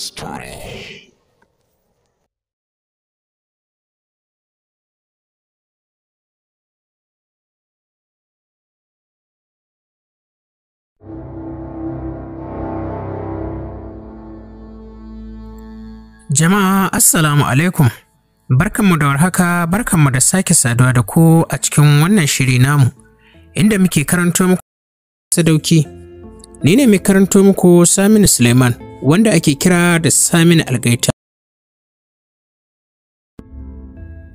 history. Jama'a Assalamu alaikum. Barkanmu da warhaka, barkanmu da sake saduwa da ku a cikin wannan shiri namu, inda muke karanto muku sadauki. Ni ne mai karanto muku Saminu Suleiman. wanda ake kira da Samin Algaita.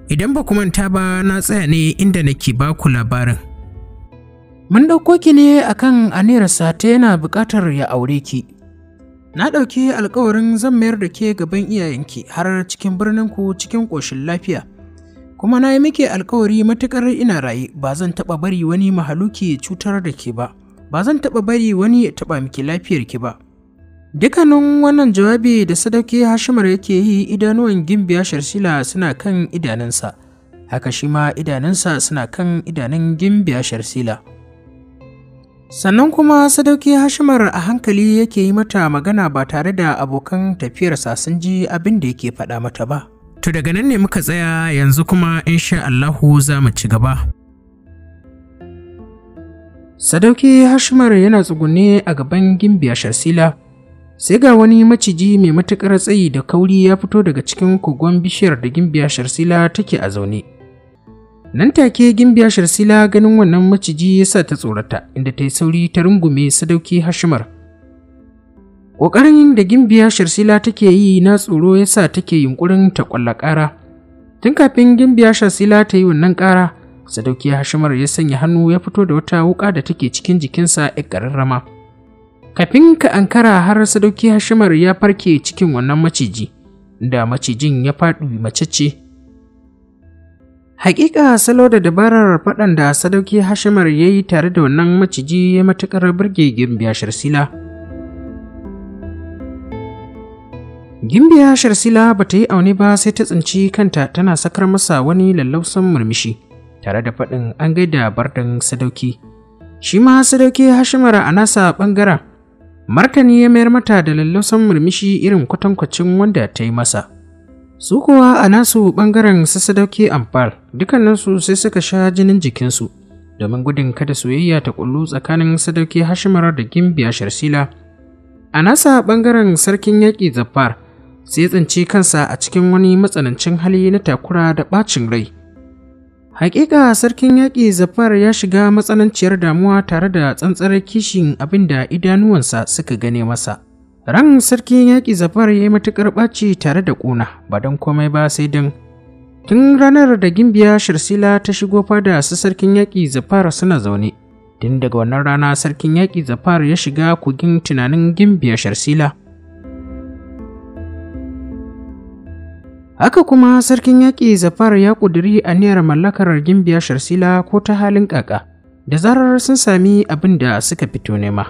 Idan ba manta ba na tsaya ne inda nake ku labarin. Mun ɗauko ki ne akan aniyarsa ta yana buƙatar ya aure ki. Na ɗauki alkawarin zan mayar da ke gaban iyayenki har cikin birnin ku cikin ƙoshin lafiya. Kuma na yi miki alkawari matuƙar ina raye ba zan taɓa bari wani mahaluki ya cutar da ke ba, ba zan taɓa bari wani ya taɓa miki lafiyar ki ba. Dukanin wannan jawabi da sadauki Hashimar yake yi idanuwan gimbiya Sharsila suna kan idanunsa, haka shi ma idanunsa suna kan idanun gimbiya Sharsila. Sannan kuma sadauki Hashimar a hankali yake yi mata magana ba tare da abokan tafiyarsa sun ji abin da yake faɗa mata ba. To daga nan ne muka tsaya yanzu kuma insha Allahu za mu ci gaba. Sadauki Hashimar yana tsugune a gaban gimbiya Sharsila. sai ga wani maciji mai matuƙar tsayi da kauri ya fito daga cikin kogon bishiyar da gimbiya sharsila take a zaune nan take gimbiya sharsila ganin wannan maciji ya sa ta tsorata inda ta yi sauri ta rungume sadauki hashimar ƙoƙarin da gimbiya sharsila take yi na tsoro ya sa take yunƙurin ta ƙwalla ƙara tun kafin gimbiya sharsila ta yi wannan ƙara sadauki hashimar ya sanya hannu ya fito da wata wuƙa da take cikin jikinsa ya ƙararrama Kafin ka ankara har sadauki Hashimar ya farke cikin wannan maciji, da macijin ya faɗi macece. Hakika salo da dabarar faɗan da sadauki Hashimar ya yi tare da wannan maciji ya matuƙar burge gimbiya Sharsila. Gimbiya Sharsila ba ta yi aune ba sai ta tsinci kanta tana sakar masa wani lallausan murmushi tare da faɗin an gaida bardan sadauki. Shi ma sadauki Hashimar a nasa ɓangaren Martani ya mayar mata da lallausan murmushi irin kwatankwacin wanda ta yi masa. Su kuwa a nasu ɓangaren sassadauki amfar dukkaninsu sai suka sha jinin jikinsu domin gudun kada soyayya ta kullu tsakanin sadauki hashimar da gimbiya sharsila. A nasa ɓangaren sarkin yaƙi zafar sai tsinci kansa a cikin wani matsanancin hali na takura da ɓacin rai. Hakika sarkin yaƙi Zafar ya shiga matsananciyar damuwa tare da tsantsarar kishin abin da idanuwansa suka gane masa. Ran sarkin yaƙi Zafar ya yi matuƙar ɓaci tare da ƙuna ba don komai ba sai don Tun ranar da gimbiya Shirsila ta shigo fada su sarkin yaƙi Zafar suna zaune. Tun daga wannan rana sarkin yaƙi Zafar ya shiga kogin tunanin gimbiya Shirsila. Haka kuma sarkin yaƙi Zafar ya ƙudiri aniyar mallakar gimbiya Sharsila ko ta halin ƙaƙa, da zarar sun sami abin da suka fito nema.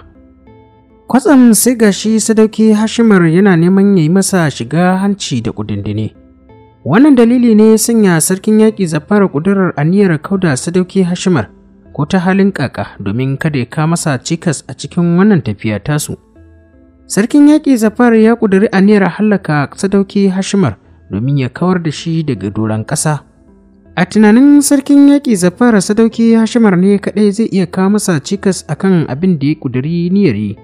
Kwatsam sai gashi sadauki Hashimar yana neman ya yi masa shiga hanci da ƙudindini. Wannan dalili ne sanya sarkin yaƙi Zafar ƙudirar aniyar kauda sadauki Hashimar ko ta halin ƙaƙa domin kada ya ka masa cikas a cikin wannan tafiya tasu. Sarkin yaƙi Zafar ya ƙudiri aniyar hallaka sadauki Hashimar domin ya kawar da shi daga doron ƙasa. A tunanin sarkin yaƙi zafara sadauki Hashimar ne kaɗai zai iya kawo masa cikas a kan abin da ya ƙudiri niyar yi.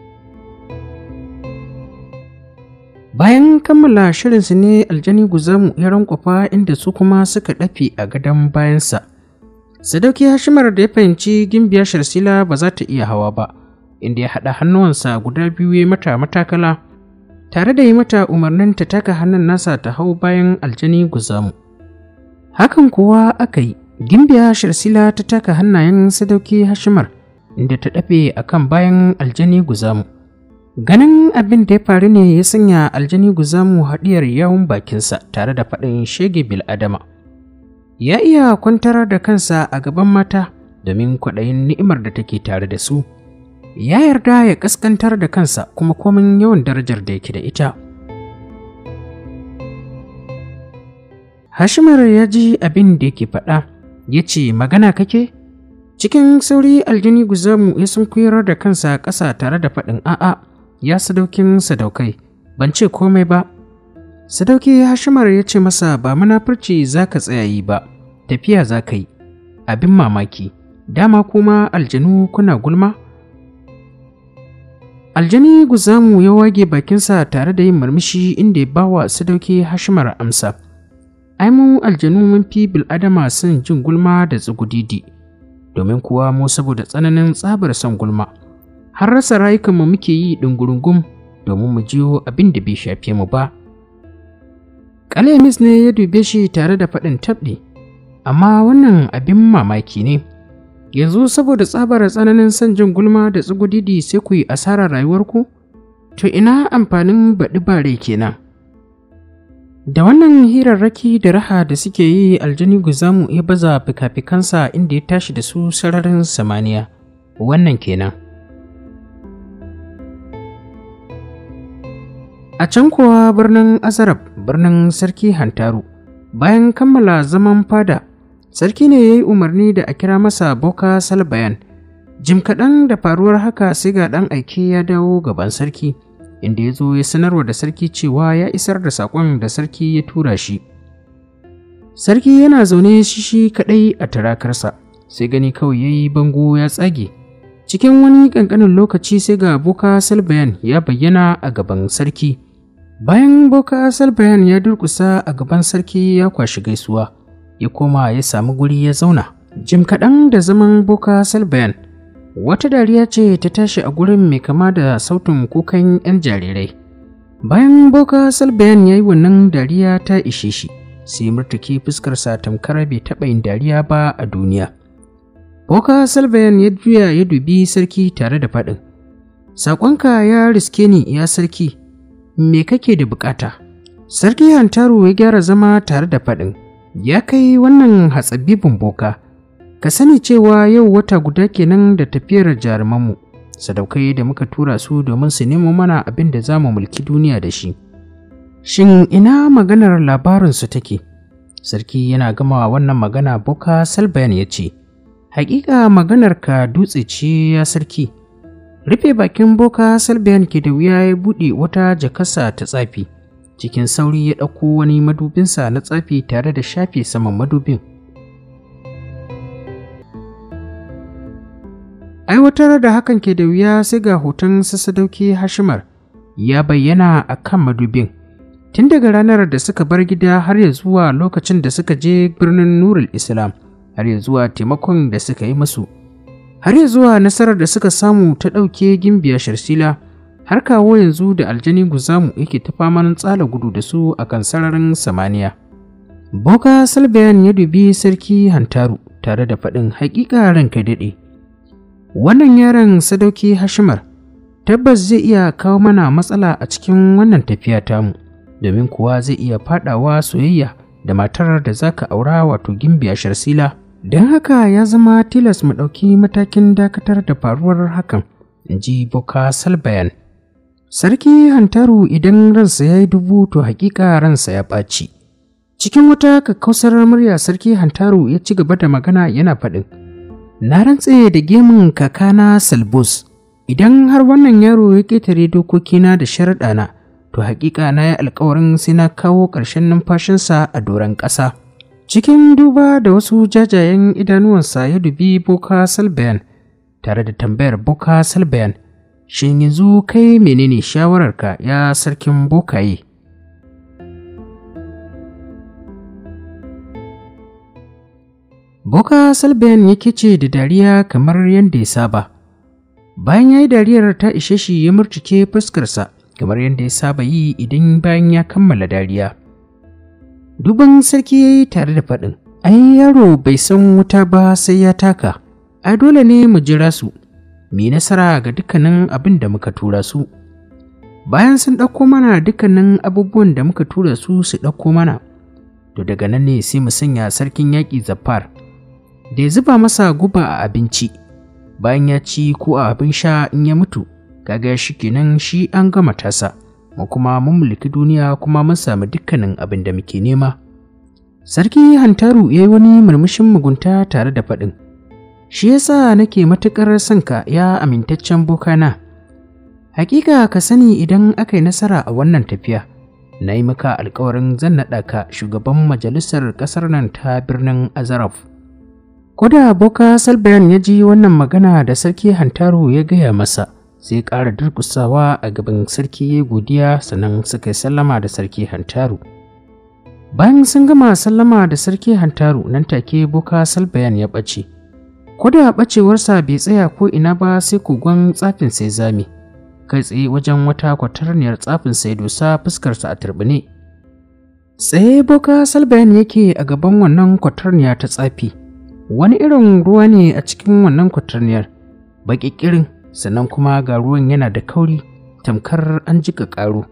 Bayan kammala shirinsu ne aljani guzamu ya rankwafa inda su kuma suka ɗafi a gadon bayansa. Sadauki Hashimar da ya fahimci gimbiyar Sharsila ba za ta iya hawa ba, inda ya haɗa hannuwansa guda biyu ya mata matakala. tare da yi mata umarnin ta taka hannun nasa ta hau bayan aljani guzamu. Hakan kuwa aka yi, gimbiya shirsila ta taka hannayen sadauki hashimar inda ta ɗafe a kan bayan aljani guzamu. Ganin abin da ya faru ne ya sanya aljani guzamu haɗiyar yawon bakinsa tare da faɗin shege bil'adama. Ya iya kwantar da kansa a gaban mata domin kwaɗayin ni'imar da take tare da su. ya yarda ya ƙasƙantar da kansa kuma komin yawan darajar da yake da ita hashimar ya ji abin da yake faɗa ya ce magana kake cikin sauri aljini guzamu ya sunkuyar da kansa ƙasa tare da faɗin a'a ya sadaukin sadaukai ban ce komai ba sadauki hashimar ya ce masa ba munafurci za ka tsaya ba tafiya za ka yi abin mamaki dama kuma aljanu kuna gulma aljani guzamu ya wage bakinsa tare da yin murmushi inda ya bawa sadauki hashimar amsa ai mu aljanu mun fi bil'adama sun jin gulma da tsugudidi domin kuwa mu saboda tsananin tsabar son gulma har rasa rayukanmu muke yi ɗungurungum domin mu jiyo abin da bai shafe mu ba Kalemis ne ya dube shi tare da faɗin tabɗi amma wannan abin mamaki ne yanzu saboda tsabar tsananin son jin gulma da tsugudidi sai ku yi asarar rayuwarku to ina amfanin baɗi bare kenan da wannan hirarraki da raha da suke yi aljani guzamu ya baza fikafikansa inda ya tashi da su sararin samaniya wannan kenan a can kuwa birnin azarab birnin sarki hantaru bayan kammala zaman fada sarki ne ya yi umarni da a kira masa boka salbayan jim kaɗan da faruwar haka sai ga ɗan aiki ya dawo gaban sarki inda ya zo ya sanarwa da sarki cewa ya isar da saƙon da sarki ya tura shi sarki yana zaune shi kaɗai a tarakarsa, sai gani kawai ya yi bango ya tsage cikin wani ƙanƙanin lokaci sai ga boka salbayan ya bayyana a gaban sarki bayan boka salbayan ya durƙusa a gaban sarki ya kwashi gaisuwa ya koma ya samu guri ya zauna jim kaɗan da zaman boka salbayan wata dariya ce ta tashi a gurin mai kama da sautin kukan 'yan jarirai bayan boka salbayan ya yi wannan dariya ta ishe shi sai murtuki fuskarsa tamkar bai taɓa yin dariya ba a duniya boka salbayan ya juya ya dubi sarki tare da faɗin saƙonka ya riske ni ya sarki me kake da bukata sarki hantaru ya gyara zama tare da faɗin ya kai wannan hatsabibin boka ka sani cewa yau wata guda kenan da tafiyar jarumanmu sadaukai da muka tura su domin su nemo mana abin da za mu mulki duniya da shi shin ina maganar labarinsu take sarki yana gama wannan magana boka salbayan ya ce hakika maganar ka dutse ce ya sarki rufe bakin boka salbayan ke da wuya ya buɗe wata jakasa ta tsafi cikin sauri ya ɗauko wani madubinsa na tsafi tare da shafe saman madubin aiwatar da hakan ke da wuya sai ga hoton sassadauki hashimar ya bayyana a kan madubin tun daga ranar da suka bar gida har ya zuwa lokacin da suka je birnin nurul islam har ya zuwa taimakon da suka yi masu har ya zuwa nasarar da suka samu ta ɗauke gimbiya sharsila har kawo yanzu da aljani guzamu yake ta famanin tsala gudu da su a kan sararin samaniya. Boka Salbiyan ya dubi sarki Hantaru tare da faɗin haƙiƙa ranka daɗe. Wannan yaron sadauki Hashimar tabbas zai iya kawo mana matsala a cikin wannan tafiya mu, domin kuwa zai iya faɗawa soyayya da matar da za ka aura wato gimbiya sharsila. Don haka ya zama tilas mu ɗauki matakin dakatar da faruwar hakan, in ji Boka Salbayan. Sarki Hantaru idan ransa ya yi dubu to hakika ransa ya ɓaci. Cikin wata kakkausar murya Sarki Hantaru ya ci gaba da magana yana faɗin. Na rantse da gemun kakana Salbus, idan har wannan yaro ya ƙetare dokokina da sharaɗana, to hakika na yi alkawarin sai na kawo ƙarshen numfashinsa a doron ƙasa. Cikin duba da wasu jajayen idanuwansa ya dubi Boka Salbayan, tare da tambayar Boka Salbayan, shin yanzu kai menene shawararka ya sarkin bokaye boka salben ya ce da dariya kamar yadda ya saba bayan ya yi dariyar ta ishe shi ya murcike fuskarsa kamar yadda ya saba yi idan bayan ya kammala dariya duban sarki ya yi tare da faɗin ai yaro bai san wuta ba sai ya taka ai dole ne mu jira su mu nasara ga dukkanin abin da muka tura su bayan sun ɗauko mana dukkanin abubuwan da muka tura su su ɗauko mana to daga nan ne sai mu sanya sarkin yaƙi zafar da ya zuba masa guba a abinci bayan ya ci ko a abin sha in ya mutu kaga shi kenan shi an gama tasa mu kuma mun mulki duniya kuma mun samu dukkanin abin da muke nema sarki hantaru ya yi wani murmushin mugunta tare da faɗin shi yasa nake matuƙar son ka ya amintaccen bokana. Hakika ka sani idan aka yi nasara a wannan tafiya, na yi maka alkawarin zan naɗa ka shugaban majalisar ƙasar nan ta birnin Azaraf. Koda Boka Salbiran ya ji wannan magana da Sarki Hantaru ya gaya masa, sai ƙara durkusawa a gaban Sarki ya godiya sannan suka yi sallama da Sarki Hantaru. Bayan sun gama sallama da Sarki Hantaru nan take Boka Salbayan ya ɓace. ko da ɓacewarsa bai tsaya ko ina ba sai ku kogon tsafin sai zame kai tsaye wajen wata kwatarniyar tsafin sai dosa fuskarsa a turbine tsaye boka salbayan yake a gaban wannan kwatarniya ta tsafi wani irin ruwa ne a cikin wannan kwatarniyar baƙiƙirin sannan kuma ga ruwan yana da kauri tamkar an jika ƙaro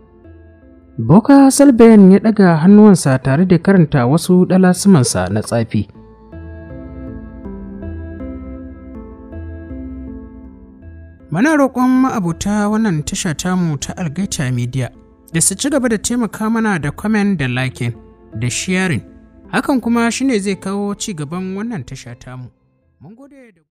boka salbayan ya ɗaga hannuwansa tare da karanta wasu ɗalasimansa na tsafi mana roƙon ma'abuta wannan tasha tamu ta Algaita Media da su ci gaba da taimaka mana da kwamen da lakin da sharing. Hakan kuma shine zai kawo ci gaban wannan tasha tamu.